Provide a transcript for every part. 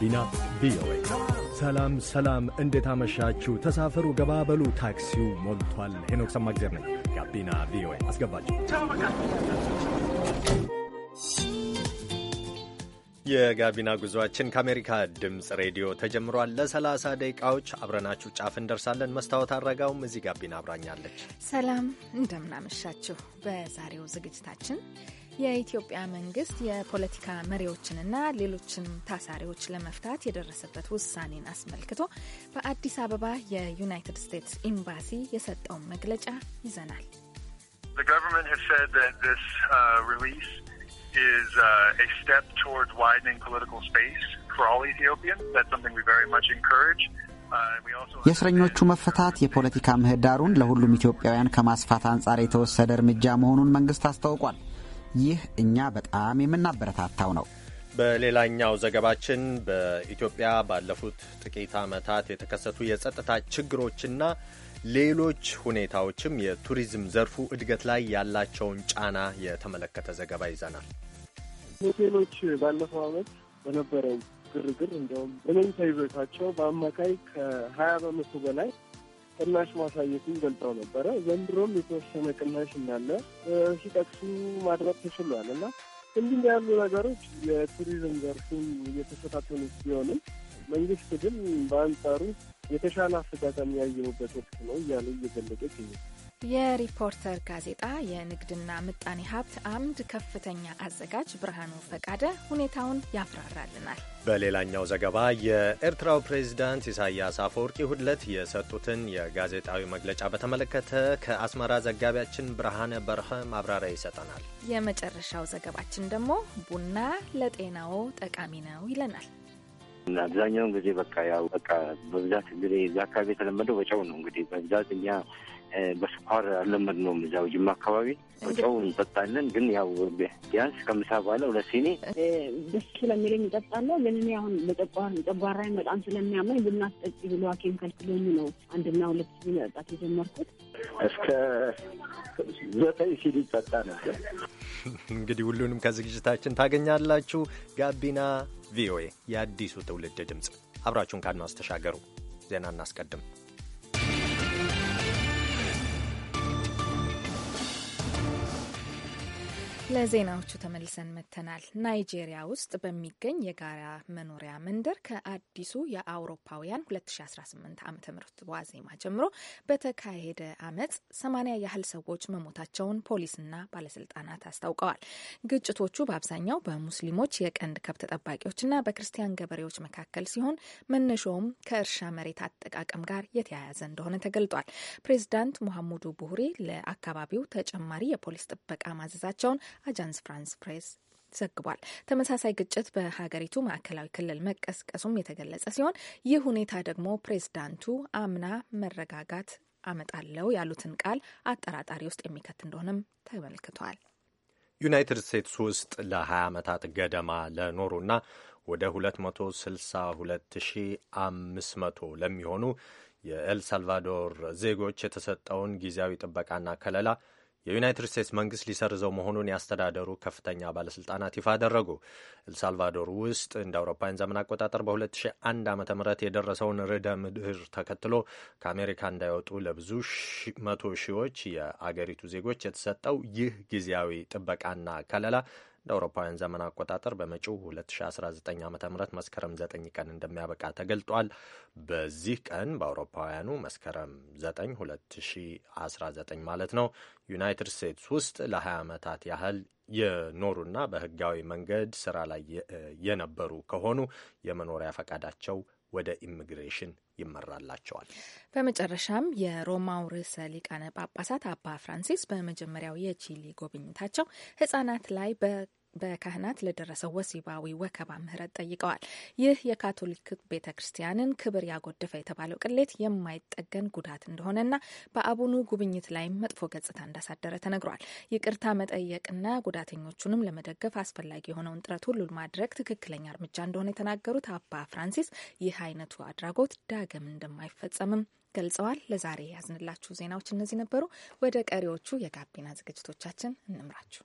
ጋቢና ቪኦኤ። ሰላም ሰላም፣ እንዴት አመሻችሁ? ተሳፈሩ፣ ገባበሉ፣ ታክሲው ሞልቷል። ሄኖክ ሰማግዜር ነኝ። ጋቢና ቪኦኤ አስገባችሁ። የጋቢና ጉዞአችን ከአሜሪካ ድምፅ ሬዲዮ ተጀምሯል ለሰላሳ ደቂቃዎች አብረናችሁ ጫፍ እንደርሳለን። መስታወት አረጋውም እዚህ ጋቢና አብራኛለች። ሰላም፣ እንደምናመሻችሁ። በዛሬው ዝግጅታችን የኢትዮጵያ መንግስት የፖለቲካ መሪዎችንና ሌሎችን ታሳሪዎች ለመፍታት የደረሰበት ውሳኔን አስመልክቶ በአዲስ አበባ የዩናይትድ ስቴትስ ኤምባሲ የሰጠውን መግለጫ ይዘናል። uh, uh, uh, የእስረኞቹ መፈታት የፖለቲካ ምህዳሩን ለሁሉም ኢትዮጵያውያን ከማስፋት አንጻር የተወሰደ እርምጃ መሆኑን መንግስት አስታውቋል። ይህ እኛ በጣም የምናበረታታው ነው። በሌላኛው ዘገባችን በኢትዮጵያ ባለፉት ጥቂት ዓመታት የተከሰቱ የጸጥታ ችግሮችና ሌሎች ሁኔታዎችም የቱሪዝም ዘርፉ እድገት ላይ ያላቸውን ጫና የተመለከተ ዘገባ ይዘናል። ሆቴሎች ባለፈው ዓመት በነበረው ግርግር እንዲሁም በመኝታ ይዞታቸው በአማካይ ከሀያ በመቶ በላይ ቅናሽ ማሳየቱን ገልጸው ነበረ። ዘንድሮም የተወሰነ ቅናሽ እንዳለ ሲጠቅሱ ማድረግ ተችሏል እና እንዲህ ያሉ ነገሮች የቱሪዝም ዘርፉን እየተፈታተኑ ቢሆንም መንግስት ግን በአንጻሩ የተሻለ አፈጻጸም ያየሁበት ወቅት ነው እያለ እየገለጠ ይገኛል። የሪፖርተር ጋዜጣ የንግድና ምጣኔ ሀብት አምድ ከፍተኛ አዘጋጅ ብርሃኑ ፈቃደ ሁኔታውን ያብራራልናል። በሌላኛው ዘገባ የኤርትራው ፕሬዚዳንት ኢሳያስ አፈወርቂ እሁድ የሰጡትን የጋዜጣዊ መግለጫ በተመለከተ ከአስመራ ዘጋቢያችን ብርሃነ በርኸ ማብራሪያ ይሰጠናል። የመጨረሻው ዘገባችን ደግሞ ቡና ለጤናው ጠቃሚ ነው ይለናል። አብዛኛውን ጊዜ በቃ ያው በቃ በብዛት እንግዲህ እዚ አካባቢ የተለመደው በጨው ነው። እንግዲህ በብዛት እኛ በስኳር አለመድ ነው እዛው ጅማ አካባቢ ጨው እንጠጣለን። ግን ያው ቢያንስ ከምሳ በኋላ ሁለት ሲኒ ደስ ስለሚለኝ እጠጣለሁ። ግን እኔ አሁን ጨጓራዬን በጣም ስለሚያመኝ ቡና አስጠጪ ብሎ ሐኪም ከልክሎኝ ነው አንድና ሁለት ሲኒ መጠጣት የጀመርኩት። እስከ ዘጠኝ ሲኒ ይጠጣ ነበር። እንግዲህ ሁሉንም ከዝግጅታችን ታገኛላችሁ። ጋቢና ቪኦኤ የአዲሱ ትውልድ ድምፅ፣ አብራችሁን ካድማስ ተሻገሩ። ዜና እናስቀድም። ለዜናዎቹ ተመልሰን መጥተናል። ናይጄሪያ ውስጥ በሚገኝ የጋራ መኖሪያ መንደር ከአዲሱ የአውሮፓውያን 2018 ዓ ም ዋዜማ ጀምሮ በተካሄደ አመፅ 80 ያህል ሰዎች መሞታቸውን ፖሊስና ባለስልጣናት አስታውቀዋል። ግጭቶቹ በአብዛኛው በሙስሊሞች የቀንድ ከብት ጠባቂዎችና በክርስቲያን ገበሬዎች መካከል ሲሆን መነሻውም ከእርሻ መሬት አጠቃቀም ጋር የተያያዘ እንደሆነ ተገልጧል። ፕሬዚዳንት ሙሐሙዱ ቡሁሪ ለአካባቢው ተጨማሪ የፖሊስ ጥበቃ ማዘዛቸውን አጃንስ ፍራንስ ፕሬስ ዘግቧል። ተመሳሳይ ግጭት በሀገሪቱ ማዕከላዊ ክልል መቀስቀሱም የተገለጸ ሲሆን ይህ ሁኔታ ደግሞ ፕሬዝዳንቱ አምና መረጋጋት አመጣለው ያሉትን ቃል አጠራጣሪ ውስጥ የሚከት እንደሆነም ተመልክቷል። ዩናይትድ ስቴትስ ውስጥ ለ20 ዓመታት ገደማ ለኖሩና ወደ 262500 ለሚሆኑ የኤልሳልቫዶር ዜጎች የተሰጠውን ጊዜያዊ ጥበቃና ከለላ የዩናይትድ ስቴትስ መንግስት ሊሰርዘው መሆኑን ያስተዳደሩ ከፍተኛ ባለስልጣናት ይፋ አደረጉ። ኤልሳልቫዶር ውስጥ እንደ አውሮፓውያን ዘመን አቆጣጠር በ2001 ዓ ም የደረሰውን ርዕደ ምድር ተከትሎ ከአሜሪካ እንዳይወጡ ለብዙ መቶ ሺዎች የአገሪቱ ዜጎች የተሰጠው ይህ ጊዜያዊ ጥበቃና ከለላ እንደ አውሮፓውያን ዘመን አቆጣጠር በመጪው 2019 ዓ ም መስከረም 9 ቀን እንደሚያበቃ ተገልጧል። በዚህ ቀን በአውሮፓውያኑ መስከረም 9 2019 ማለት ነው ዩናይትድ ስቴትስ ውስጥ ለ20 ዓመታት ያህል የኖሩና በህጋዊ መንገድ ስራ ላይ የነበሩ ከሆኑ የመኖሪያ ፈቃዳቸው ወደ ኢሚግሬሽን ይመራላቸዋል። በመጨረሻም የሮማው ርዕሰ ሊቃነ ጳጳሳት አባ ፍራንሲስ በመጀመሪያው የቺሊ ጉብኝታቸው ህጻናት ላይ በካህናት ለደረሰው ወሲባዊ ወከባ ምህረት ጠይቀዋል። ይህ የካቶሊክ ቤተ ክርስቲያንን ክብር ያጎደፈ የተባለው ቅሌት የማይጠገን ጉዳት እንደሆነና በአቡኑ ጉብኝት ላይም መጥፎ ገጽታ እንዳሳደረ ተነግሯል። ይቅርታ መጠየቅና ጉዳተኞቹንም ለመደገፍ አስፈላጊ የሆነውን ጥረት ሁሉ ማድረግ ትክክለኛ እርምጃ እንደሆነ የተናገሩት አባ ፍራንሲስ ይህ አይነቱ አድራጎት ዳግም እንደማይፈጸምም ገልጸዋል። ለዛሬ ያዝንላችሁ ዜናዎች እነዚህ ነበሩ። ወደ ቀሪዎቹ የጋቢና ዝግጅቶቻችን እንምራችሁ።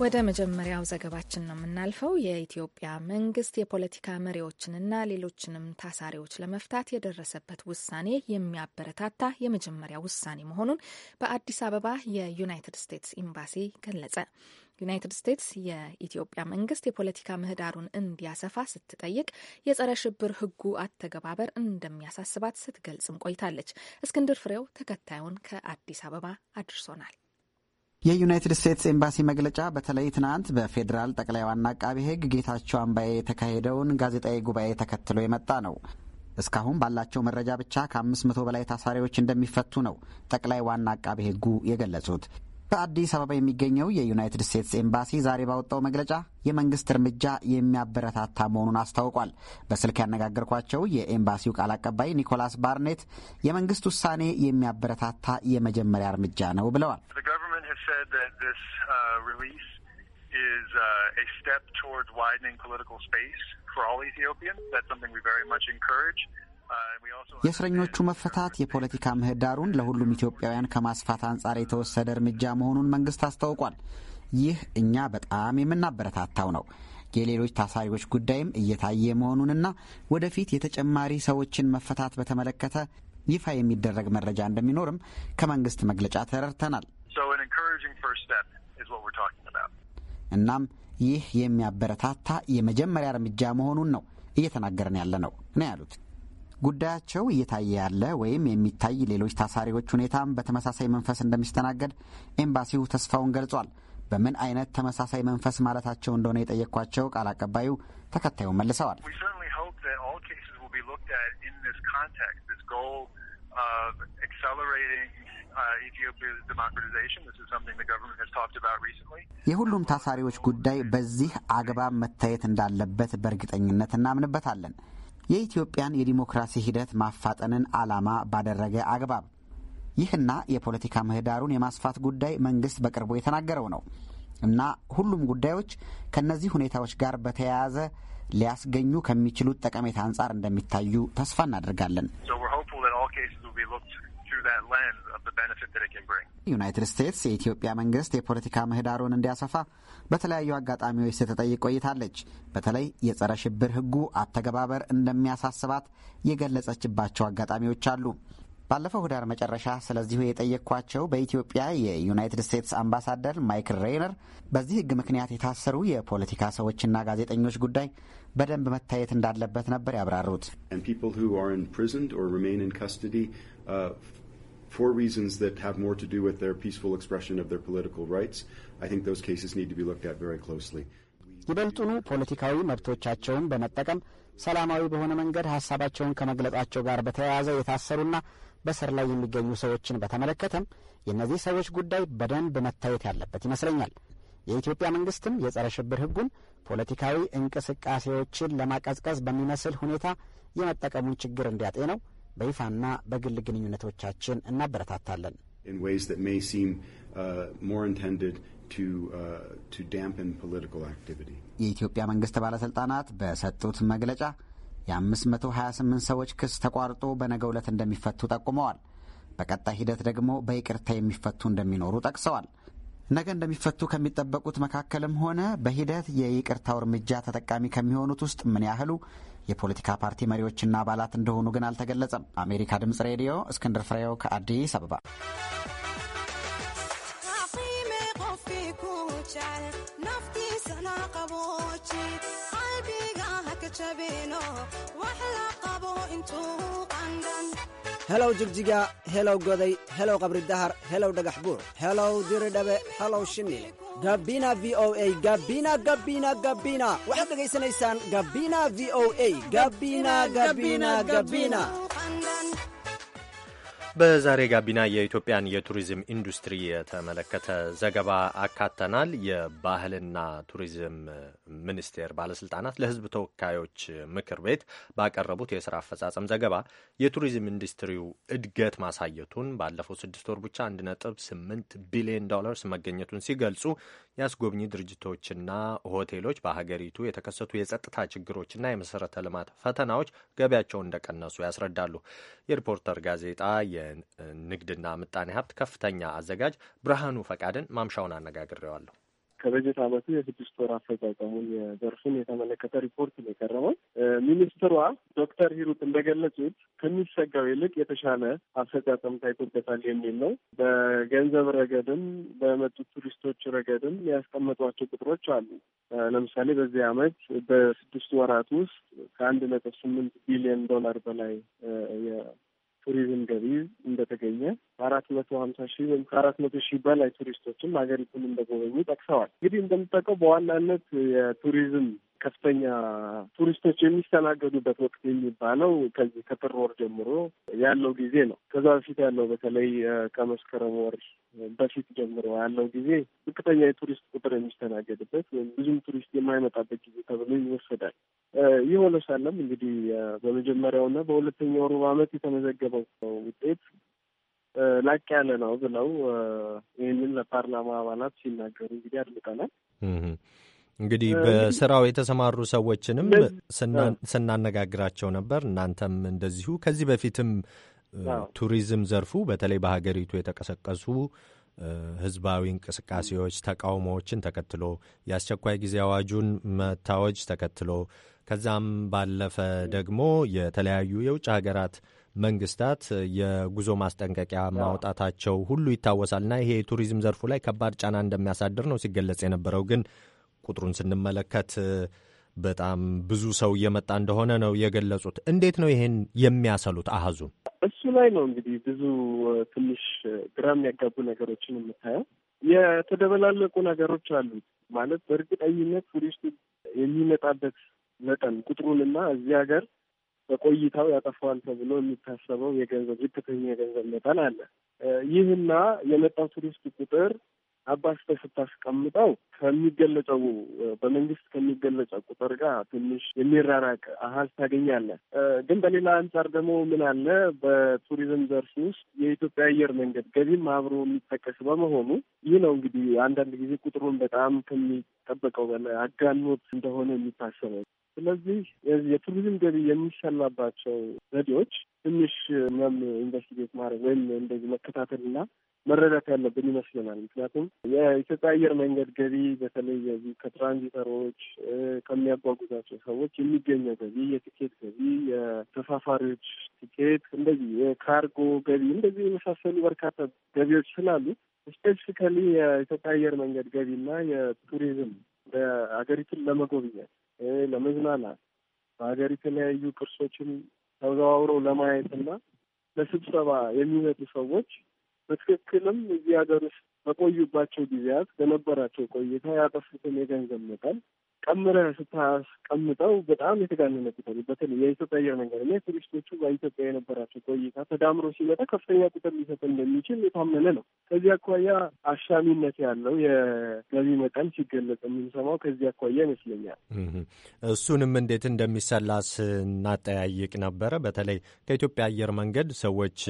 ወደ መጀመሪያው ዘገባችን ነው የምናልፈው። የኢትዮጵያ መንግስት የፖለቲካ መሪዎችንና ሌሎችንም ታሳሪዎች ለመፍታት የደረሰበት ውሳኔ የሚያበረታታ የመጀመሪያ ውሳኔ መሆኑን በአዲስ አበባ የዩናይትድ ስቴትስ ኤምባሲ ገለጸ። ዩናይትድ ስቴትስ የኢትዮጵያ መንግስት የፖለቲካ ምህዳሩን እንዲያሰፋ ስትጠይቅ የጸረ ሽብር ህጉ አተገባበር እንደሚያሳስባት ስትገልጽም ቆይታለች። እስክንድር ፍሬው ተከታዩን ከአዲስ አበባ አድርሶናል። የዩናይትድ ስቴትስ ኤምባሲ መግለጫ በተለይ ትናንት በፌዴራል ጠቅላይ ዋና አቃቤ ሕግ ጌታቸው አምባዬ የተካሄደውን ጋዜጣዊ ጉባኤ ተከትሎ የመጣ ነው። እስካሁን ባላቸው መረጃ ብቻ ከአምስት መቶ በላይ ታሳሪዎች እንደሚፈቱ ነው ጠቅላይ ዋና አቃቤ ሕጉ የገለጹት። በአዲስ አበባ የሚገኘው የዩናይትድ ስቴትስ ኤምባሲ ዛሬ ባወጣው መግለጫ የመንግስት እርምጃ የሚያበረታታ መሆኑን አስታውቋል። በስልክ ያነጋገርኳቸው የኤምባሲው ቃል አቀባይ ኒኮላስ ባርኔት የመንግስት ውሳኔ የሚያበረታታ የመጀመሪያ እርምጃ ነው ብለዋል። የእስረኞቹ መፈታት የፖለቲካ ምህዳሩን ለሁሉም ኢትዮጵያውያን ከማስፋት አንጻር የተወሰደ እርምጃ መሆኑን መንግስት አስታውቋል። ይህ እኛ በጣም የምናበረታታው ነው። የሌሎች ታሳሪዎች ጉዳይም እየታየ መሆኑንና ወደፊት የተጨማሪ ሰዎችን መፈታት በተመለከተ ይፋ የሚደረግ መረጃ እንደሚኖርም ከመንግስት መግለጫ ተረድተናል። እናም ይህ የሚያበረታታ የመጀመሪያ እርምጃ መሆኑን ነው እየተናገርን ያለ ነው ነው ያሉት። ጉዳያቸው እየታየ ያለ ወይም የሚታይ ሌሎች ታሳሪዎች ሁኔታም በተመሳሳይ መንፈስ እንደሚስተናገድ ኤምባሲው ተስፋውን ገልጿል። በምን አይነት ተመሳሳይ መንፈስ ማለታቸው እንደሆነ የጠየቅኳቸው ቃል አቀባዩ ተከታዩን መልሰዋል። uh, የሁሉም ታሳሪዎች ጉዳይ በዚህ አግባብ መታየት እንዳለበት በእርግጠኝነት እናምንበታለን። የኢትዮጵያን የዲሞክራሲ ሂደት ማፋጠንን ዓላማ ባደረገ አግባብ ይህና የፖለቲካ ምህዳሩን የማስፋት ጉዳይ መንግስት በቅርቡ የተናገረው ነው እና ሁሉም ጉዳዮች ከእነዚህ ሁኔታዎች ጋር በተያያዘ ሊያስገኙ ከሚችሉት ጠቀሜታ አንጻር እንደሚታዩ ተስፋ እናደርጋለን። ዩናይትድ ስቴትስ የኢትዮጵያ መንግስት የፖለቲካ ምህዳሩን እንዲያሰፋ በተለያዩ አጋጣሚዎች ስትጠይቅ ቆይታለች። በተለይ የጸረ ሽብር ህጉ አተገባበር እንደሚያሳስባት የገለጸችባቸው አጋጣሚዎች አሉ። ባለፈው ህዳር መጨረሻ ስለዚሁ የጠየቅኳቸው በኢትዮጵያ የዩናይትድ ስቴትስ አምባሳደር ማይክል ሬይነር በዚህ ህግ ምክንያት የታሰሩ የፖለቲካ ሰዎችና ጋዜጠኞች ጉዳይ በደንብ መታየት እንዳለበት ነበር ያብራሩት። ይበልጡኑ ፖለቲካዊ መብቶቻቸውን በመጠቀም ሰላማዊ በሆነ መንገድ ሀሳባቸውን ከመግለጻቸው ጋር በተያያዘ የታሰሩና በስር ላይ የሚገኙ ሰዎችን በተመለከተም የእነዚህ ሰዎች ጉዳይ በደንብ መታየት ያለበት ይመስለኛል። የኢትዮጵያ መንግስትም የጸረ ሽብር ህጉን ፖለቲካዊ እንቅስቃሴዎችን ለማቀዝቀዝ በሚመስል ሁኔታ የመጠቀሙን ችግር እንዲያጤነው በይፋና በግል ግንኙነቶቻችን እናበረታታለን። የኢትዮጵያ መንግስት ባለሥልጣናት በሰጡት መግለጫ የ528 ሰዎች ክስ ተቋርጦ በነገ ዕለት እንደሚፈቱ ጠቁመዋል። በቀጣይ ሂደት ደግሞ በይቅርታ የሚፈቱ እንደሚኖሩ ጠቅሰዋል። ነገ እንደሚፈቱ ከሚጠበቁት መካከልም ሆነ በሂደት የይቅርታው እርምጃ ተጠቃሚ ከሚሆኑት ውስጥ ምን ያህሉ የፖለቲካ ፓርቲ መሪዎችና አባላት እንደሆኑ ግን አልተገለጸም። አሜሪካ ድምጽ ሬዲዮ እስክንድር ፍሬው ከአዲስ አበባ naftiisana qabooji qalbiga haka jabino wax la qabo intuu qandhan helow jigjiga helow goday helow qabri dahar helow dhagax buur helow diridhabe helow shimil gabina v o a gabina gabina gabina waxaad dhegaysanaysaan gabina v o a gabina gabina gabina በዛሬ ጋቢና የኢትዮጵያን የቱሪዝም ኢንዱስትሪ የተመለከተ ዘገባ አካተናል። የባህልና ቱሪዝም ሚኒስቴር ባለስልጣናት ለሕዝብ ተወካዮች ምክር ቤት ባቀረቡት የስራ አፈጻጸም ዘገባ የቱሪዝም ኢንዱስትሪው እድገት ማሳየቱን ባለፈው ስድስት ወር ብቻ 1.8 ቢሊዮን ዶላርስ መገኘቱን ሲገልጹ የአስጎብኚ ድርጅቶችና ሆቴሎች በሀገሪቱ የተከሰቱ የጸጥታ ችግሮችና የመሰረተ ልማት ፈተናዎች ገቢያቸውን እንደቀነሱ ያስረዳሉ። የሪፖርተር ጋዜጣ የንግድና ምጣኔ ሀብት ከፍተኛ አዘጋጅ ብርሃኑ ፈቃድን ማምሻውን አነጋግሬዋለሁ። ከበጀት ዓመቱ የስድስት ወር አፈጻጸሙን የዘርፉን የተመለከተ ሪፖርት ነው የቀረበው። ሚኒስትሯ ዶክተር ሂሩት እንደገለጹት ከሚሰጋው ይልቅ የተሻለ አፈጻጸም ታይቶበታል የሚል ነው። በገንዘብ ረገድም በመጡት ቱሪስቶች ረገድም ያስቀመጧቸው ቁጥሮች አሉ። ለምሳሌ በዚህ ዓመት በስድስት ወራት ውስጥ ከአንድ ነጥብ ስምንት ቢሊዮን ዶላር በላይ ቱሪዝም ገቢ እንደተገኘ አራት መቶ ሀምሳ ሺህ ወይም ከአራት መቶ ሺህ በላይ ቱሪስቶችም ሀገሪቱን እንደጎበኙ ጠቅሰዋል። እንግዲህ እንደምታውቀው በዋናነት የቱሪዝም ከፍተኛ ቱሪስቶች የሚስተናገዱበት ወቅት የሚባለው ከዚህ ከጥር ወር ጀምሮ ያለው ጊዜ ነው። ከዛ በፊት ያለው በተለይ ከመስከረም ወር በፊት ጀምሮ ያለው ጊዜ ዝቅተኛ የቱሪስት ቁጥር የሚስተናገድበት ወይም ብዙም ቱሪስት የማይመጣበት ጊዜ ተብሎ ይወሰዳል። ይህ ሆኖ ሳለም እንግዲህ በመጀመሪያውና በሁለተኛው ሩብ ዓመት የተመዘገበው ውጤት ላቅ ያለ ነው ብለው ይህንን ለፓርላማ አባላት ሲናገሩ እንግዲህ አድምጠናል። እንግዲህ በስራው የተሰማሩ ሰዎችንም ስናነጋግራቸው ነበር። እናንተም እንደዚሁ ከዚህ በፊትም ቱሪዝም ዘርፉ በተለይ በሀገሪቱ የተቀሰቀሱ ህዝባዊ እንቅስቃሴዎች፣ ተቃውሞዎችን ተከትሎ የአስቸኳይ ጊዜ አዋጁን መታወጅ ተከትሎ ከዛም ባለፈ ደግሞ የተለያዩ የውጭ ሀገራት መንግስታት የጉዞ ማስጠንቀቂያ ማውጣታቸው ሁሉ ይታወሳል። እና ይሄ የቱሪዝም ዘርፉ ላይ ከባድ ጫና እንደሚያሳድር ነው ሲገለጽ የነበረው። ግን ቁጥሩን ስንመለከት በጣም ብዙ ሰው እየመጣ እንደሆነ ነው የገለጹት። እንዴት ነው ይሄን የሚያሰሉት አሃዙን? እሱ ላይ ነው እንግዲህ ብዙ ትንሽ ግራ የሚያጋቡ ነገሮችን የምታየው የተደበላለቁ ነገሮች አሉት። ማለት በእርግጠኝነት ቱሪስቱ የሚመጣበት መጠን ቁጥሩንና እዚህ ሀገር በቆይታው ያጠፋዋል ተብሎ የሚታሰበው የገንዘብ ዝቅተኛ የገንዘብ መጠን አለ። ይህና የመጣው ቱሪስት ቁጥር አባስተህ ስታስቀምጠው ከሚገለጸው በመንግስት ከሚገለጸው ቁጥር ጋር ትንሽ የሚራራቅ አሀዝ ታገኛለህ። ግን በሌላ አንጻር ደግሞ ምን አለ በቱሪዝም ዘርፍ ውስጥ የኢትዮጵያ አየር መንገድ ገቢም አብሮ የሚጠቀስ በመሆኑ ይህ ነው እንግዲህ አንዳንድ ጊዜ ቁጥሩን በጣም ከሚጠበቀው በላይ አጋኖት እንደሆነ የሚታሰበው። ስለዚህ የቱሪዝም ገቢ የሚሰላባቸው ዘዴዎች ትንሽ መም ኢንቨስቲጌት ማድረግ ወይም እንደዚህ መከታተልና መረዳት ያለብን ይመስለናል። ምክንያቱም የኢትዮጵያ አየር መንገድ ገቢ በተለይ ዚ ከትራንዚተሮች ከሚያጓጉዛቸው ሰዎች የሚገኘው ገቢ፣ የቲኬት ገቢ፣ የተሳፋሪዎች ቲኬት፣ እንደዚህ የካርጎ ገቢ፣ እንደዚህ የመሳሰሉ በርካታ ገቢዎች ስላሉ ስፔሲፊካሊ የኢትዮጵያ አየር መንገድ ገቢና የቱሪዝም በሀገሪቱን ለመጎብኘት ለመዝናናት በሀገር የተለያዩ ቅርሶችን ተዘዋውረው ለማየትና ለስብሰባ የሚመጡ ሰዎች በትክክልም እዚህ ሀገር ውስጥ በቆዩባቸው ጊዜያት በነበራቸው ቆይታ ያጠፉትን የገንዘብ መጠን ቀምረህ ስታስቀምጠው በጣም የተጋነነ ቁጥር በተለይ የኢትዮጵያ አየር መንገድ እና የቱሪስቶቹ በኢትዮጵያ የነበራቸው ቆይታ ተዳምሮ ሲመጣ ከፍተኛ ቁጥር ሊሰጥ እንደሚችል የታመነ ነው። ከዚህ አኳያ አሻሚነት ያለው የገቢ መጠን ሲገለጽ የምንሰማው ከዚህ አኳያ ይመስለኛል። እሱንም እንዴት እንደሚሰላ ስናጠያይቅ ነበረ። በተለይ ከኢትዮጵያ አየር መንገድ ሰዎች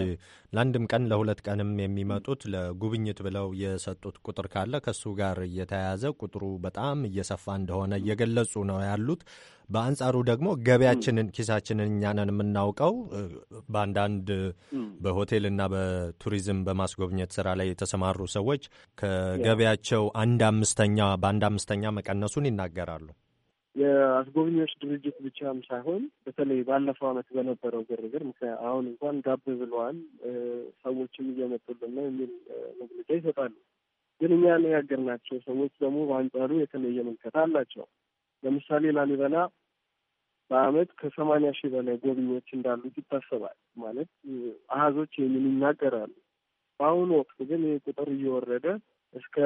ለአንድም ቀን ለሁለት ቀንም የሚመጡት ለጉብኝት ብለው የሰጡት ቁጥር ካለ ከሱ ጋር እየተያያዘ ቁጥሩ በጣም እየሰፋ እንደሆነ እየገለጹ ነው ያሉት። በአንጻሩ ደግሞ ገበያችንን ኪሳችንን እኛንን የምናውቀው በአንዳንድ በሆቴልና በቱሪዝም በማስጎብኘት ስራ ላይ የተሰማሩ ሰዎች ከገበያቸው አንድ አምስተኛ በአንድ አምስተኛ መቀነሱን ይናገራሉ። የአስጎብኚዎች ድርጅት ብቻም ሳይሆን በተለይ ባለፈው ዓመት በነበረው ግርግር ምክንያት አሁን እንኳን ጋብ ብለዋል፣ ሰዎችም እየመጡልን ነው የሚል መግለጫ ይሰጣሉ። ግን እኛ ያነጋገርናቸው ሰዎች ደግሞ በአንጻሩ የተለየ ምልከታ አላቸው። ለምሳሌ ላሊበላ በአመት ከሰማንያ ሺህ በላይ ጎብኚዎች እንዳሉት ይታሰባል። ማለት አሃዞች ይህንን ይናገራሉ። በአሁኑ ወቅት ግን ይህ ቁጥር እየወረደ እስከ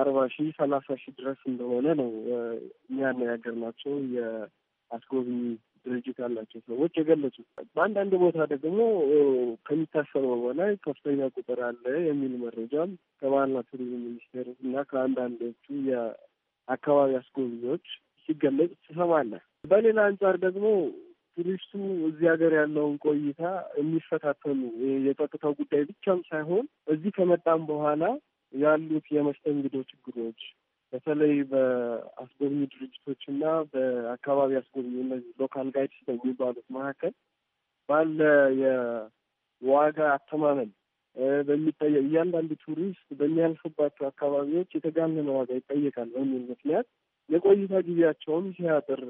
አርባ ሺህ ሰላሳ ሺህ ድረስ እንደሆነ ነው ናቸው የአስጎብኚ ድርጅት ያላቸው ሰዎች የገለጹት። በአንዳንድ ቦታ ደግሞ ከሚታሰበው በላይ ከፍተኛ ቁጥር አለ የሚል መረጃም ከባህልና ቱሪዝም ሚኒስቴር እና ከአንዳንዶቹ የአካባቢ አስጎብኚዎች ሲገለጽ ትሰማለህ። በሌላ አንጻር ደግሞ ቱሪስቱ እዚህ ሀገር ያለውን ቆይታ የሚፈታተኑ የጸጥታው ጉዳይ ብቻም ሳይሆን እዚህ ከመጣም በኋላ ያሉት የመስተንግዶ ችግሮች በተለይ በአስጎብኝ ድርጅቶች እና በአካባቢ አስጎብኝ እነዚህ ሎካል ጋይድስ በሚባሉት መካከል ባለ የዋጋ አተማመን በሚጠየቅ እያንዳንዱ ቱሪስት በሚያልፍባቸው አካባቢዎች የተጋነነ ዋጋ ይጠየቃል በሚል ምክንያት የቆይታ ጊዜያቸውም ሲያጥር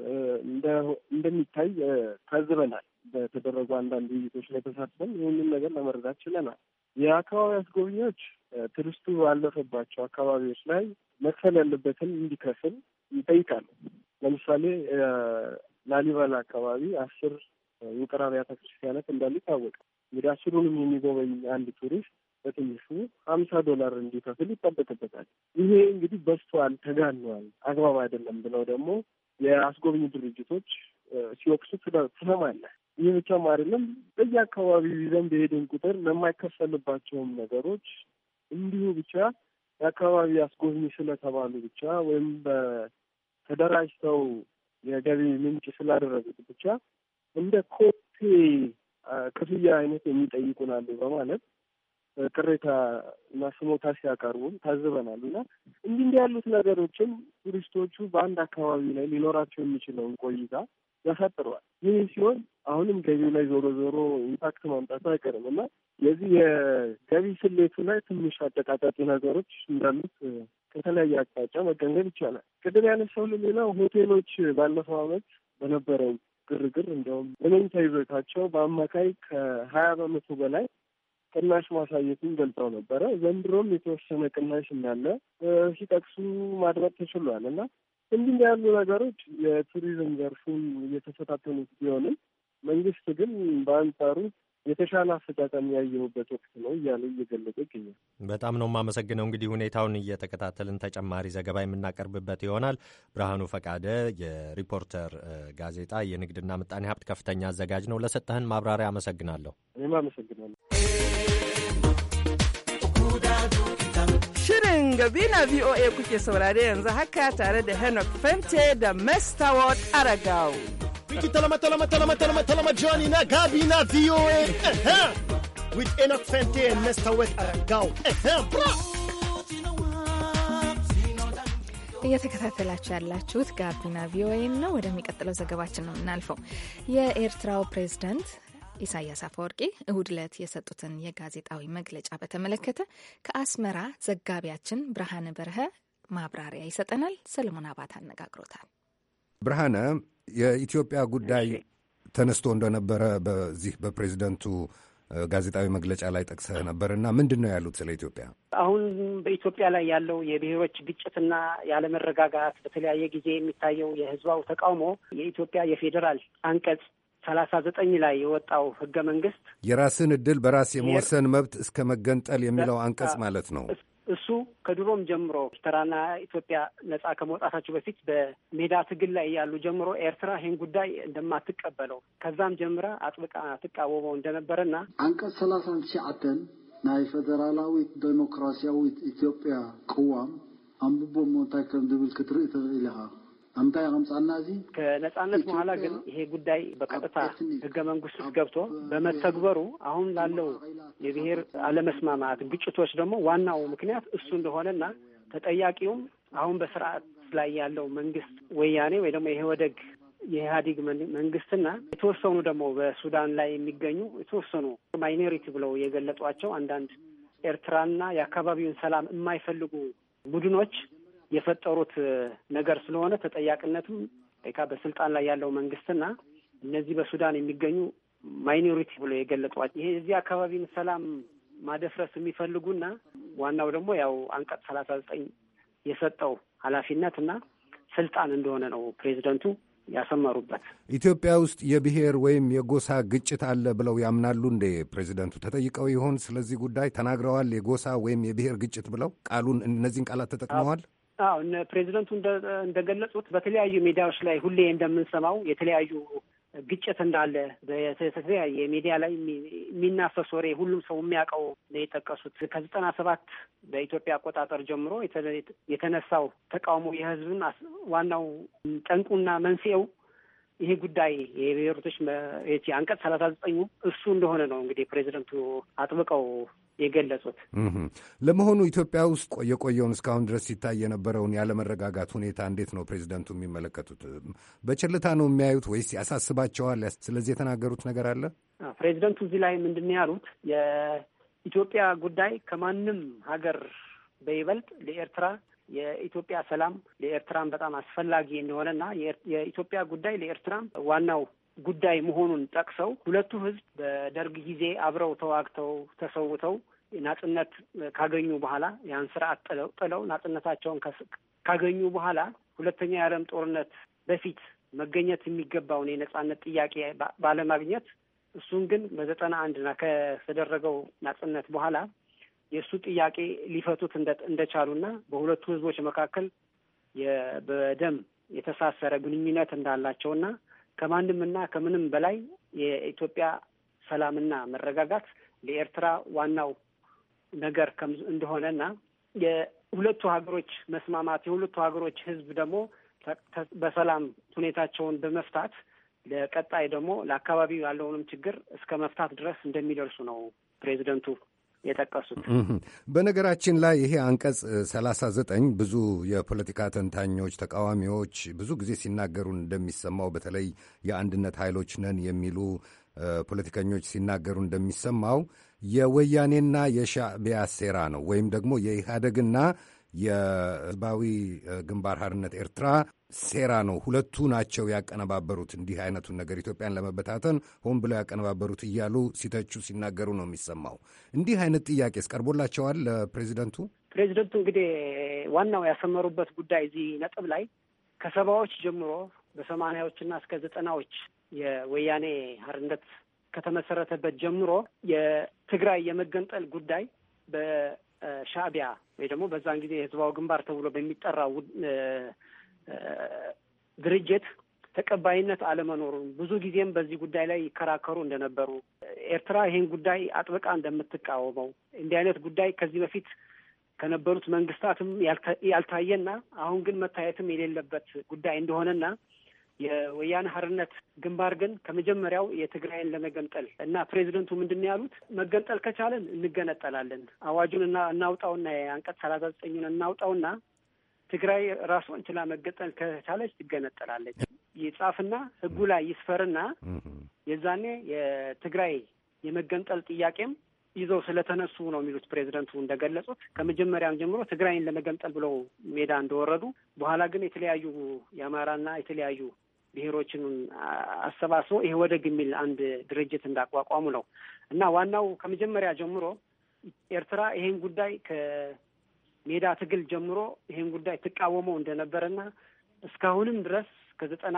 እንደሚታይ ታዝበናል። በተደረጉ አንዳንድ ውይይቶች ላይ ተሳትፈን ይህንን ነገር ለመረዳት ችለናል። የአካባቢ አስጎብኚዎች ቱሪስቱ ባለፈባቸው አካባቢዎች ላይ መክፈል ያለበትን እንዲከፍል ይጠይቃሉ። ለምሳሌ ላሊበላ አካባቢ አስር ውቅር አብያተ ክርስቲያናት እንዳሉ ይታወቅ። እንግዲህ አስሩንም የሚጎበኝ አንድ ቱሪስት በትንሹ ሀምሳ ዶላር እንዲከፍል ይጠበቅበታል። ይሄ እንግዲህ በዝቷል፣ ተጋኗል፣ አግባብ አይደለም ብለው ደግሞ የአስጎብኝ ድርጅቶች ሲወቅሱ ስለማለ ይህ ብቻም አይደለም። በየአካባቢው ይዘን በሄድን ቁጥር ለማይከፈልባቸውም ነገሮች እንዲሁ ብቻ የአካባቢ አስጎብኝ ስለተባሉ ብቻ ወይም በተደራጅተው የገቢ ምንጭ ስላደረጉት ብቻ እንደ ኮቴ ክፍያ አይነት የሚጠይቁናሉ በማለት ቅሬታ እና ስሞታ ሲያቀርቡም ታዝበናል። እና እንዲህ እንዲህ ያሉት ነገሮችም ቱሪስቶቹ በአንድ አካባቢ ላይ ሊኖራቸው የሚችለውን ቆይታ ያሳጥረዋል። ይህ ሲሆን አሁንም ገቢው ላይ ዞሮ ዞሮ ኢምፓክት ማምጣቱ አይቀርም እና የዚህ የገቢ ስሌቱ ላይ ትንሽ አጠቃጣቂ ነገሮች እንዳሉት ከተለያየ አቅጣጫ መገንገብ ይቻላል። ቅድም ያነሳው ለሌላው ሆቴሎች ባለፈው አመት በነበረው ግርግር እንዲያውም ለመኝታ ይዞታቸው በአማካይ ከሀያ በመቶ በላይ ቅናሽ ማሳየቱን ገልጸው ነበረ። ዘንድሮም የተወሰነ ቅናሽ እንዳለ ሲጠቅሱ ማድረግ ተችሏል እና እንዲህ ያሉ ነገሮች የቱሪዝም ዘርፉን እየተፈታተኑት ቢሆንም መንግስት ግን በአንጻሩ የተሻለ አፈጻጸም ያየሁበት ወቅት ነው እያለ እየገለጸ ይገኛል። በጣም ነው የማመሰግነው። እንግዲህ ሁኔታውን እየተከታተልን ተጨማሪ ዘገባ የምናቀርብበት ይሆናል። ብርሃኑ ፈቃደ የሪፖርተር ጋዜጣ የንግድና ምጣኔ ሀብት ከፍተኛ አዘጋጅ ነው። ለሰጠህን ማብራሪያ አመሰግናለሁ። እኔም አመሰግናለሁ። Shirin Gabina VOA kuke saurare yanzu haka tare da Enoch Fente da Mr. Ward Aragaw. Wiki talama talama talama talama talama Johnny na Gabina VOA. With Enoch Fente and Mr. Ward Aragaw. Bra! እየተከታተላችሁ ያላችሁት ጋቢና ቪኦኤ ነው። ወደሚቀጥለው ዘገባችን ነው የምናልፈው። የኤርትራው ፕሬዝዳንት ኢሳያስ አፈወርቂ እሁድ ዕለት የሰጡትን የጋዜጣዊ መግለጫ በተመለከተ ከአስመራ ዘጋቢያችን ብርሃነ በርሀ ማብራሪያ ይሰጠናል። ሰለሞን አባት አነጋግሮታል። ብርሃነ፣ የኢትዮጵያ ጉዳይ ተነስቶ እንደነበረ በዚህ በፕሬዚደንቱ ጋዜጣዊ መግለጫ ላይ ጠቅሰህ ነበር እና ምንድን ነው ያሉት ስለ ኢትዮጵያ? አሁን በኢትዮጵያ ላይ ያለው የብሔሮች ግጭትና ያለመረጋጋት፣ በተለያየ ጊዜ የሚታየው የህዝባው ተቃውሞ የኢትዮጵያ የፌዴራል አንቀጽ ሰላሳ ዘጠኝ ላይ የወጣው ህገ መንግስት የራስን እድል በራስ የመወሰን መብት እስከ መገንጠል የሚለው አንቀጽ ማለት ነው። እሱ ከድሮም ጀምሮ ኤርትራና ኢትዮጵያ ነጻ ከመውጣታቸው በፊት በሜዳ ትግል ላይ ያሉ ጀምሮ ኤርትራ ይህን ጉዳይ እንደማትቀበለው ከዛም ጀምራ አጥብቃ ትቃወመው እንደነበረና አንቀጽ ሰላሳን ትሽዓተን ናይ ፌደራላዊት ዴሞክራሲያዊት ኢትዮጵያ ቅዋም አንብቦ ሞ ከም ዝብል ክትርኢ ትኽእል ኢኻ ከነጻነት በኋላ ግን ይሄ ጉዳይ በቀጥታ ህገ መንግስት ውስጥ ገብቶ በመተግበሩ አሁን ላለው የብሔር አለመስማማት፣ ግጭቶች ደግሞ ዋናው ምክንያት እሱ እንደሆነና ተጠያቂውም አሁን በስርዓት ላይ ያለው መንግስት ወያኔ ወይ ደግሞ ይሄ ወደግ የኢህአዴግ መንግስትና የተወሰኑ ደግሞ በሱዳን ላይ የሚገኙ የተወሰኑ ማይኖሪቲ ብለው የገለጧቸው አንዳንድ ኤርትራና የአካባቢውን ሰላም የማይፈልጉ ቡድኖች የፈጠሩት ነገር ስለሆነ ተጠያቂነቱም ካ በስልጣን ላይ ያለው መንግስትና እነዚህ በሱዳን የሚገኙ ማይኖሪቲ ብሎ የገለጧቸው ይሄ እዚህ አካባቢን ሰላም ማደፍረስ የሚፈልጉና ዋናው ደግሞ ያው አንቀጽ ሰላሳ ዘጠኝ የሰጠው ኃላፊነት እና ስልጣን እንደሆነ ነው ፕሬዚደንቱ ያሰመሩበት። ኢትዮጵያ ውስጥ የብሔር ወይም የጎሳ ግጭት አለ ብለው ያምናሉ እንዴ? ፕሬዚደንቱ ተጠይቀው ይሆን ስለዚህ ጉዳይ ተናግረዋል? የጎሳ ወይም የብሔር ግጭት ብለው ቃሉን እነዚህን ቃላት ተጠቅመዋል? አዎ ፕሬዚደንቱ እንደገለጹት በተለያዩ ሚዲያዎች ላይ ሁሌ እንደምንሰማው የተለያዩ ግጭት እንዳለ በተለያየ ሚዲያ ላይ የሚናፈስ ወሬ ሁሉም ሰው የሚያውቀው ነው የጠቀሱት። ከዘጠና ሰባት በኢትዮጵያ አቆጣጠር ጀምሮ የተነሳው ተቃውሞ የህዝብን ዋናው ጠንቁና መንስኤው ይሄ ጉዳይ የብሔሮቶች አንቀጽ ሰላሳ ዘጠኙ እሱ እንደሆነ ነው እንግዲህ ፕሬዚደንቱ አጥብቀው የገለጹት። ለመሆኑ ኢትዮጵያ ውስጥ ቆየ ቆየውን እስካሁን ድረስ ሲታይ የነበረውን ያለመረጋጋት ሁኔታ እንዴት ነው ፕሬዚደንቱ የሚመለከቱት? በችልታ ነው የሚያዩት ወይስ ያሳስባቸዋል? ስለዚህ የተናገሩት ነገር አለ? ፕሬዚደንቱ እዚህ ላይ ምንድን ነው ያሉት? የኢትዮጵያ ጉዳይ ከማንም ሀገር በይበልጥ ለኤርትራ የኢትዮጵያ ሰላም ለኤርትራም በጣም አስፈላጊ እንደሆነና የኢትዮጵያ ጉዳይ ለኤርትራም ዋናው ጉዳይ መሆኑን ጠቅሰው ሁለቱ ህዝብ በደርግ ጊዜ አብረው ተዋግተው ተሰውተው ናጽነት ካገኙ በኋላ ያን ስርዓት ጥለው ጥለው ናጽነታቸውን ካገኙ በኋላ ሁለተኛ የዓለም ጦርነት በፊት መገኘት የሚገባውን የነጻነት ጥያቄ ባለማግኘት እሱን ግን በዘጠና አንድና ከተደረገው ናጽነት በኋላ የእሱ ጥያቄ ሊፈቱት እንደቻሉና በሁለቱ ህዝቦች መካከል በደም የተሳሰረ ግንኙነት እንዳላቸውና ከማንምና እና ከምንም በላይ የኢትዮጵያ ሰላምና መረጋጋት ለኤርትራ ዋናው ነገር እንደሆነና የሁለቱ ሀገሮች መስማማት የሁለቱ ሀገሮች ህዝብ ደግሞ በሰላም ሁኔታቸውን በመፍታት ለቀጣይ ደግሞ ለአካባቢው ያለውንም ችግር እስከ መፍታት ድረስ እንደሚደርሱ ነው ፕሬዚደንቱ የጠቀሱት። በነገራችን ላይ ይሄ አንቀጽ 39 ዘጠኝ ብዙ የፖለቲካ ተንታኞች፣ ተቃዋሚዎች ብዙ ጊዜ ሲናገሩ እንደሚሰማው በተለይ የአንድነት ኃይሎች ነን የሚሉ ፖለቲከኞች ሲናገሩ እንደሚሰማው የወያኔና የሻዕቢያ ሴራ ነው ወይም ደግሞ የኢህአደግና የህዝባዊ ግንባር ሀርነት ኤርትራ ሴራ ነው። ሁለቱ ናቸው ያቀነባበሩት እንዲህ አይነቱን ነገር ኢትዮጵያን ለመበታተን ሆን ብለው ያቀነባበሩት እያሉ ሲተቹ ሲናገሩ ነው የሚሰማው። እንዲህ አይነት ጥያቄስ ቀርቦላቸዋል ለፕሬዚደንቱ? ፕሬዚደንቱ እንግዲህ ዋናው ያሰመሩበት ጉዳይ እዚህ ነጥብ ላይ ከሰባዎች ጀምሮ በሰማንያዎችና እስከ ዘጠናዎች የወያኔ ሀርነት ከተመሰረተበት ጀምሮ የትግራይ የመገንጠል ጉዳይ ሻዕቢያ ወይ ደግሞ በዛን ጊዜ የህዝባዊ ግንባር ተብሎ በሚጠራው ድርጅት ተቀባይነት አለመኖሩን ብዙ ጊዜም በዚህ ጉዳይ ላይ ይከራከሩ እንደነበሩ ኤርትራ ይህን ጉዳይ አጥብቃ እንደምትቃወመው እንዲህ አይነት ጉዳይ ከዚህ በፊት ከነበሩት መንግስታትም ያልታየና አሁን ግን መታየትም የሌለበት ጉዳይ እንደሆነና የወያነ ሀርነት ግንባር ግን ከመጀመሪያው የትግራይን ለመገንጠል እና ፕሬዚደንቱ ምንድን ነው ያሉት? መገንጠል ከቻለን እንገነጠላለን። አዋጁን እና እናውጣውና የአንቀጽ ሰላሳ ዘጠኙን እናውጣውና ትግራይ ራሷን ችላ መገንጠል ከቻለች ትገነጠላለች ይጻፍና ህጉ ላይ ይስፈርና የዛኔ የትግራይ የመገንጠል ጥያቄም ይዘው ስለተነሱ ነው የሚሉት ፕሬዚደንቱ እንደገለጹት። ከመጀመሪያም ጀምሮ ትግራይን ለመገንጠል ብለው ሜዳ እንደወረዱ በኋላ ግን የተለያዩ የአማራና የተለያዩ ብሔሮችን አሰባስቦ ይሄ ወደግ የሚል አንድ ድርጅት እንዳቋቋሙ ነው እና ዋናው ከመጀመሪያ ጀምሮ ኤርትራ ይሄን ጉዳይ ከሜዳ ትግል ጀምሮ ይሄን ጉዳይ ትቃወመው እንደነበረና እስካሁንም ድረስ ከዘጠና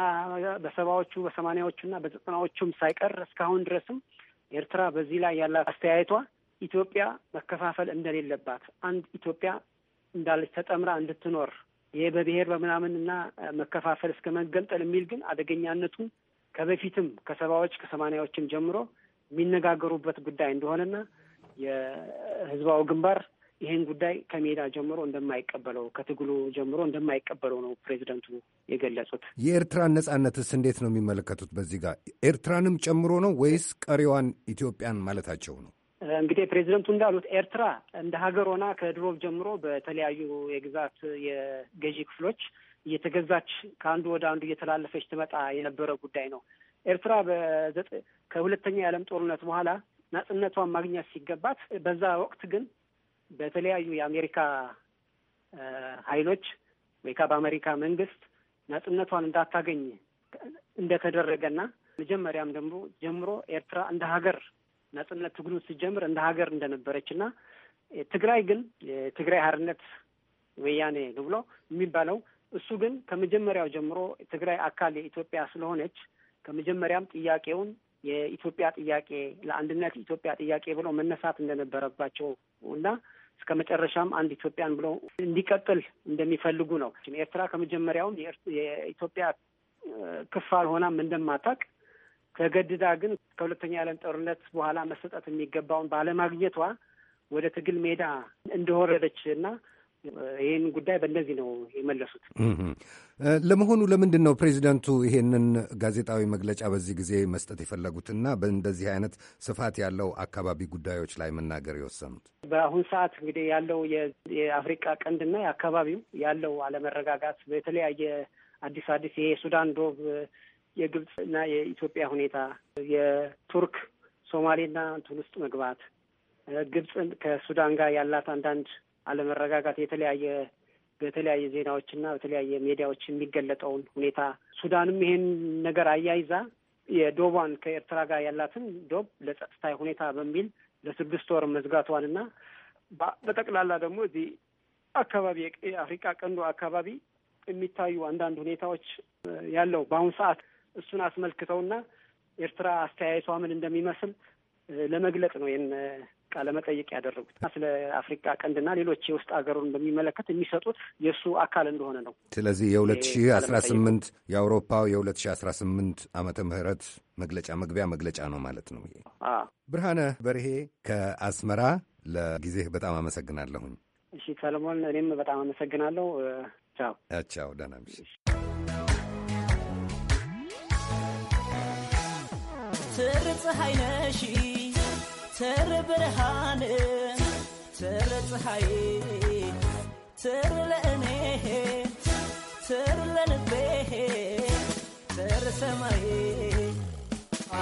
በሰባዎቹ በሰማኒያዎቹና በዘጠናዎቹም ሳይቀር እስካሁን ድረስም ኤርትራ በዚህ ላይ ያላት አስተያየቷ ኢትዮጵያ መከፋፈል እንደሌለባት አንድ ኢትዮጵያ እንዳለች ተጠምራ እንድትኖር ይሄ በብሔር በምናምን እና መከፋፈል እስከ መገንጠል የሚል ግን አደገኛነቱ ከበፊትም ከሰባዎች ከሰማኒያዎችም ጀምሮ የሚነጋገሩበት ጉዳይ እንደሆነና የህዝባዊ ግንባር ይህን ጉዳይ ከሜዳ ጀምሮ እንደማይቀበለው ከትግሉ ጀምሮ እንደማይቀበለው ነው ፕሬዚደንቱ የገለጹት። የኤርትራን ነጻነትስ እንዴት ነው የሚመለከቱት? በዚህ ጋር ኤርትራንም ጨምሮ ነው ወይስ ቀሪዋን ኢትዮጵያን ማለታቸው ነው? እንግዲህ ፕሬዚደንቱ እንዳሉት ኤርትራ እንደ ሀገር ሆና ከድሮ ጀምሮ በተለያዩ የግዛት የገዢ ክፍሎች እየተገዛች ከአንዱ ወደ አንዱ እየተላለፈች ትመጣ የነበረ ጉዳይ ነው። ኤርትራ ከሁለተኛ የዓለም ጦርነት በኋላ ናጽነቷን ማግኘት ሲገባት፣ በዛ ወቅት ግን በተለያዩ የአሜሪካ ኃይሎች ወይ በአሜሪካ መንግስት ናጽነቷን እንዳታገኝ እንደተደረገና መጀመሪያም ደግሞ ጀምሮ ኤርትራ እንደ ሀገር ነጻነት ትግሉን ሲጀምር እንደ ሀገር እንደነበረች እና ትግራይ ግን የትግራይ ሀርነት ወያኔ ነው ብሎ የሚባለው እሱ ግን ከመጀመሪያው ጀምሮ ትግራይ አካል የኢትዮጵያ ስለሆነች ከመጀመሪያም ጥያቄውን የኢትዮጵያ ጥያቄ ለአንድነት ኢትዮጵያ ጥያቄ ብሎ መነሳት እንደነበረባቸው እና እስከ መጨረሻም አንድ ኢትዮጵያን ብሎ እንዲቀጥል እንደሚፈልጉ ነው። ኤርትራ ከመጀመሪያውም የኢትዮጵያ ክፋል ሆናም እንደማታውቅ ተገድዳ ግን ከሁለተኛ የዓለም ጦርነት በኋላ መሰጠት የሚገባውን ባለማግኘቷ ወደ ትግል ሜዳ እንደወረደች እና ይህን ጉዳይ በእንደዚህ ነው የመለሱት። ለመሆኑ ለምንድን ነው ፕሬዚደንቱ ይሄንን ጋዜጣዊ መግለጫ በዚህ ጊዜ መስጠት የፈለጉትና በእንደዚህ አይነት ስፋት ያለው አካባቢ ጉዳዮች ላይ መናገር የወሰኑት? በአሁን ሰዓት እንግዲህ ያለው የአፍሪቃ ቀንድና የአካባቢው ያለው አለመረጋጋት በተለያየ አዲስ አዲስ ይሄ የሱዳን ዶብ የግብጽ እና የኢትዮጵያ ሁኔታ፣ የቱርክ ሶማሌና እንትን ውስጥ መግባት፣ ግብጽ ከሱዳን ጋር ያላት አንዳንድ አለመረጋጋት የተለያየ በተለያየ ዜናዎችና በተለያየ ሚዲያዎች የሚገለጠውን ሁኔታ ሱዳንም ይሄን ነገር አያይዛ የዶቧን ከኤርትራ ጋር ያላትን ዶብ ለጸጥታ ሁኔታ በሚል ለስድስት ወር መዝጋቷንና በጠቅላላ ደግሞ እዚህ አካባቢ የአፍሪቃ ቀንዱ አካባቢ የሚታዩ አንዳንድ ሁኔታዎች ያለው በአሁኑ ሰዓት እሱን አስመልክተውና ኤርትራ አስተያየቷ ምን እንደሚመስል ለመግለጽ ነው ይህን ቃለ መጠይቅ ያደረጉት። ስለ አፍሪካ ቀንድና ሌሎች የውስጥ ሀገሩን በሚመለከት የሚሰጡት የእሱ አካል እንደሆነ ነው። ስለዚህ የሁለት ሺህ አስራ ስምንት የአውሮፓው የሁለት ሺህ አስራ ስምንት ዓመተ ምህረት መግለጫ መግቢያ መግለጫ ነው ማለት ነው። ብርሃነ በርሄ ከአስመራ ለጊዜህ በጣም አመሰግናለሁኝ። እሺ ሰለሞን፣ እኔም በጣም አመሰግናለሁ። ቻው ቻው። ደህና ትር ፀሐይ ነሽ ትር ብርሃን ትር ፀሐይ ትር ለእኔ ትር ለልቤ ትር ሰማይ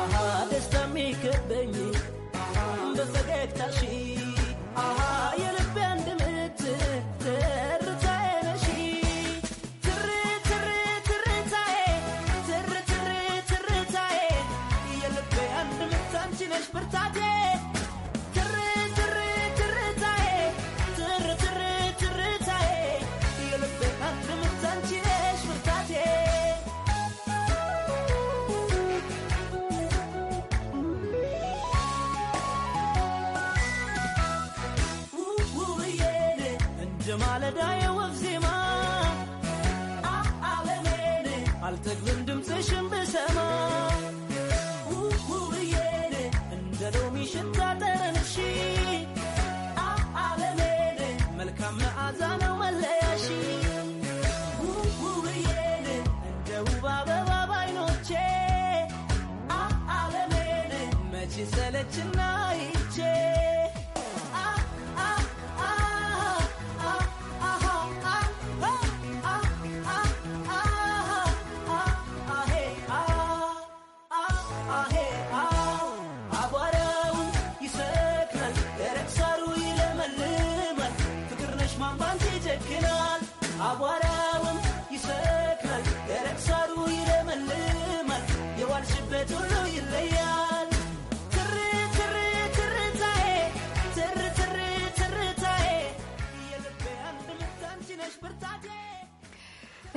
አሃ ደስታ የሚከበኝ በፈገግታሺ የልቤ አልተግብም ድምፅሽን ብሰማ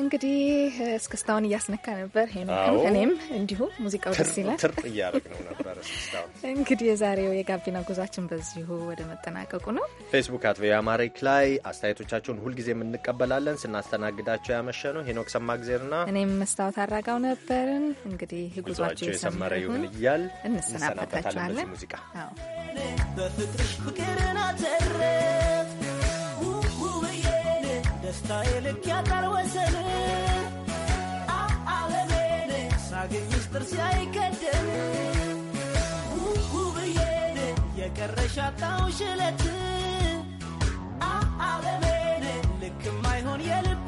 እንግዲህ እስክስታውን እያስነካ ነበር ሄኖክም እኔም እንዲሁ ሙዚቃው ደስ ይላል ትርጥ እያደረግ ነው ነበር። እንግዲህ የዛሬው የጋቢና ጉዟችን በዚሁ ወደ መጠናቀቁ ነው። ፌስቡክ አት ቪኦኤ አማሪክ ላይ አስተያየቶቻችሁን ሁልጊዜም እንቀበላለን። ስናስተናግዳቸው ያመሸ ነው ሄኖክ ጊዜርና እኔም መስታወት አራጋው ነበርን። እንግዲህ ጉዟቸው የሰመረ ይሁን እያል እንሰናበታችኋለን ሙዚቃ ደስታዬ ልክ ያጣል ወሰን አለሜን ሳገኝሽ ጥርሴ አይከደን ውብዬን የቀረሽ አጣሁሽ እለት አለሜን ልክ ማይሆን የልብ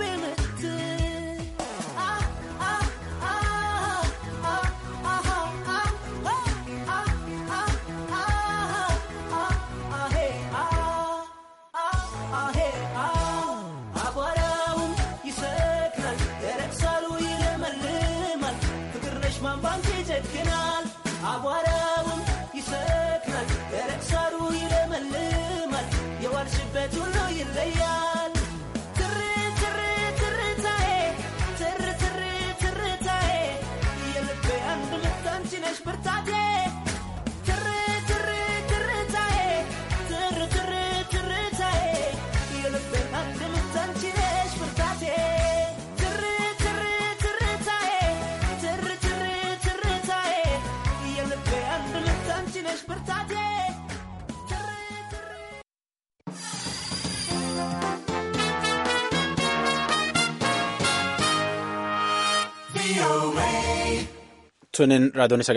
suenen ratones a